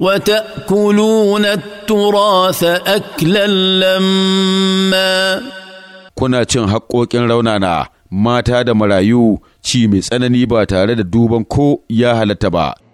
وتأكلون التراث أكلا لما Kuna cin haƙoƙin raunana mata da marayu ci mai tsanani ba tare da duban ko ya halatta ba.